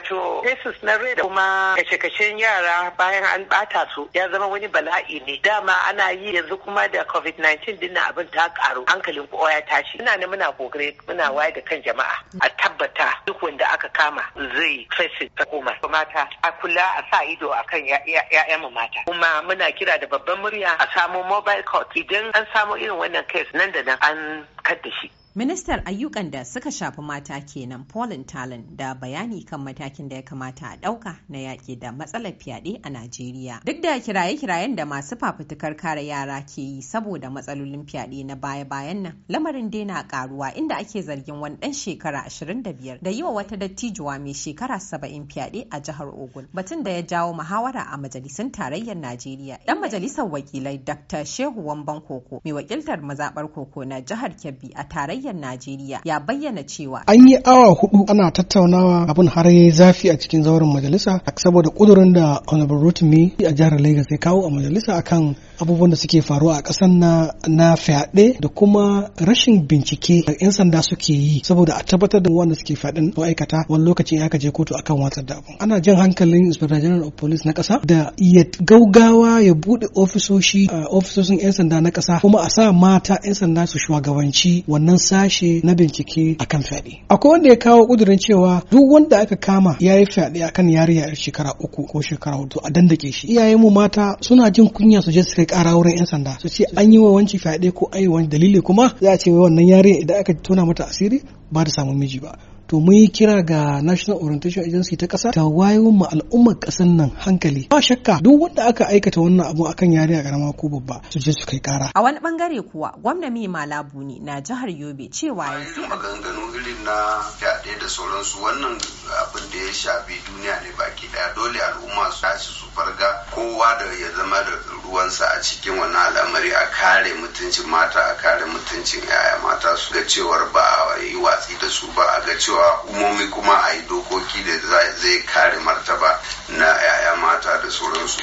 wato jesus na rai da kuma kashe-kashen yara bayan an bata su ya zama wani bala'i ne dama ana yi yanzu kuma da covid-19 din na abin ta karu hankalin kowa ya tashi muna ne muna kokare muna waye da kan jama'a a tabbata duk wanda aka kama zai fesin hukuma mata a kula a sa ido a akan ya'yan mata kuma muna kira da babban murya a samu mobile court idan an samu irin wannan case nan da nan an kaddashi. shi Ministar ayyukan da suka shafi mata kenan Pauline Talon da bayani kan matakin da ya kamata a ɗauka na yaƙi da matsalar fyaɗe a Najeriya. Duk da kiraye-kirayen da masu fafutukar kare yara ke yi saboda matsalolin fyaɗe na baya-bayan nan, lamarin daina na ƙaruwa inda ake zargin wani ɗan shekara 25 da yi wa wata dattijuwa mai shekara 70 fyaɗe a jihar Ogun. Batun da ya jawo muhawara a majalisun tarayyar Najeriya. Ɗan majalisar wakilai Dr. Shehu Wamban Koko mai wakiltar mazaɓar Koko na jihar Kebbi a tarayyar tarayyar Najeriya ya bayyana cewa an yi awa hudu ana tattaunawa abin har yayi zafi a cikin zauren majalisa saboda kudurin da Honorable Rotimi a jihar Lagos ya kawo a majalisa akan abubuwan da suke faruwa a ƙasar na na fyaɗe da kuma rashin bincike da 'yan sanda suke yi saboda a tabbatar da wanda suke fyaɗin aikata wani lokacin aka je kotu akan watsar da abu ana jan hankalin inspector general of police na ƙasa da ya gaugawa ya buɗe ofisoshi ofisoshin 'yan sanda na ƙasa kuma a sa mata 'yan sanda su shugabanci wannan sashe na bincike akan fyaɗe akwai wanda ya kawo kudurin cewa duk wanda aka kama ya yi fyaɗe akan yariya shekara uku ko shekara hudu a dandake shi iyayen mu mata suna jin kunya su je su ƙara wurin 'yan sanda su ce an yi wa wanci fyaɗe ko an yi wani dalili kuma za a ce wai wannan yare idan aka tona mata asiri ba ta samu miji ba to mun yi kira ga National Orientation Agency ta ƙasa ta wayo ma al'ummar ƙasar nan hankali ba shakka duk wanda aka aikata wannan abu akan yare a ƙarama ko babba su je su kai ƙara a wani bangare kuwa gwamnati malabu ne na jihar Yobe cewa ya sai irin na fyaɗe da sauransu wannan abin da ya shafi duniya ne baki daya dole al'umma su tashi su farga kowa da ya zama da ruwansa a cikin wannan al'amari a kare mutuncin mata a kare mutuncin yaya mata su ga cewar ba a yi watsi da su ba a ga cewa hukumomi kuma a yi dokoki da zai kare martaba na yaya mata da sauransu.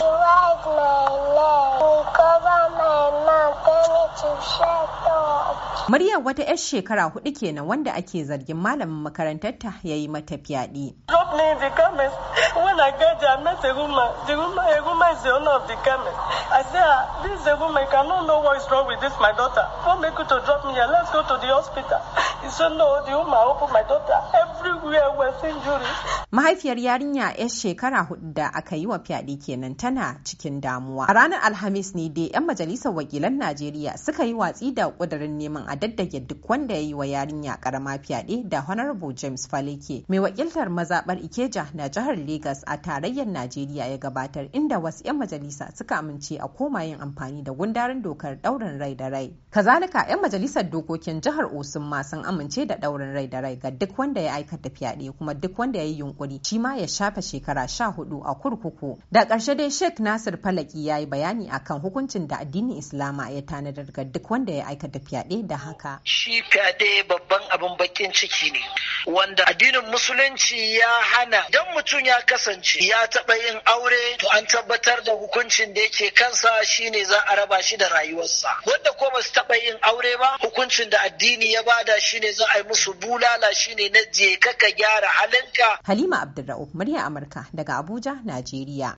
Right, Maryam wata 'yar shekara hudu kenan wanda ake zargin malamin makarantarta ya yi mata fyaɗe. Mahaifiyar yarinya 'yar shekara hudu da aka yi wa fyaɗe kenan tana cikin damuwa. A ranar Alhamis ne dai 'yan majalisar wakilan Najeriya suka yi watsi da ƙudurin neman daddage duk wanda ya yi wa yarinya karama fyaɗe da honorable james faleke mai wakiltar mazaɓar ikeja na jihar lagos a tarayyar najeriya ya gabatar inda wasu 'yan majalisa suka amince a koma yin amfani da gundarin dokar ɗaurin rai da rai kazalika 'yan majalisar dokokin jihar osun ma sun amince da ɗaurin rai da rai ga duk wanda ya aikata fyaɗe kuma duk wanda ya yi yunkuri shi ma ya shafe shekara sha hudu a kurkuku da karshe dai sheikh nasir falaki ya yi bayani akan hukuncin da addinin islama ya tanadar ga duk wanda ya aikata fyaɗe da haka shi fyaɗe babban abin bakin ciki ne wanda addinin musulunci ya hana idan mutum ya kasance ya taɓa yin aure to an tabbatar da hukuncin da yake kansa shine za a raba shi da rayuwarsa wanda ko ba su taɓa yin aure ba hukuncin da addini ya bada shine za a yi musu bulala shine na je ka gyara halinka halima abdulra'uf murya amurka daga abuja najeriya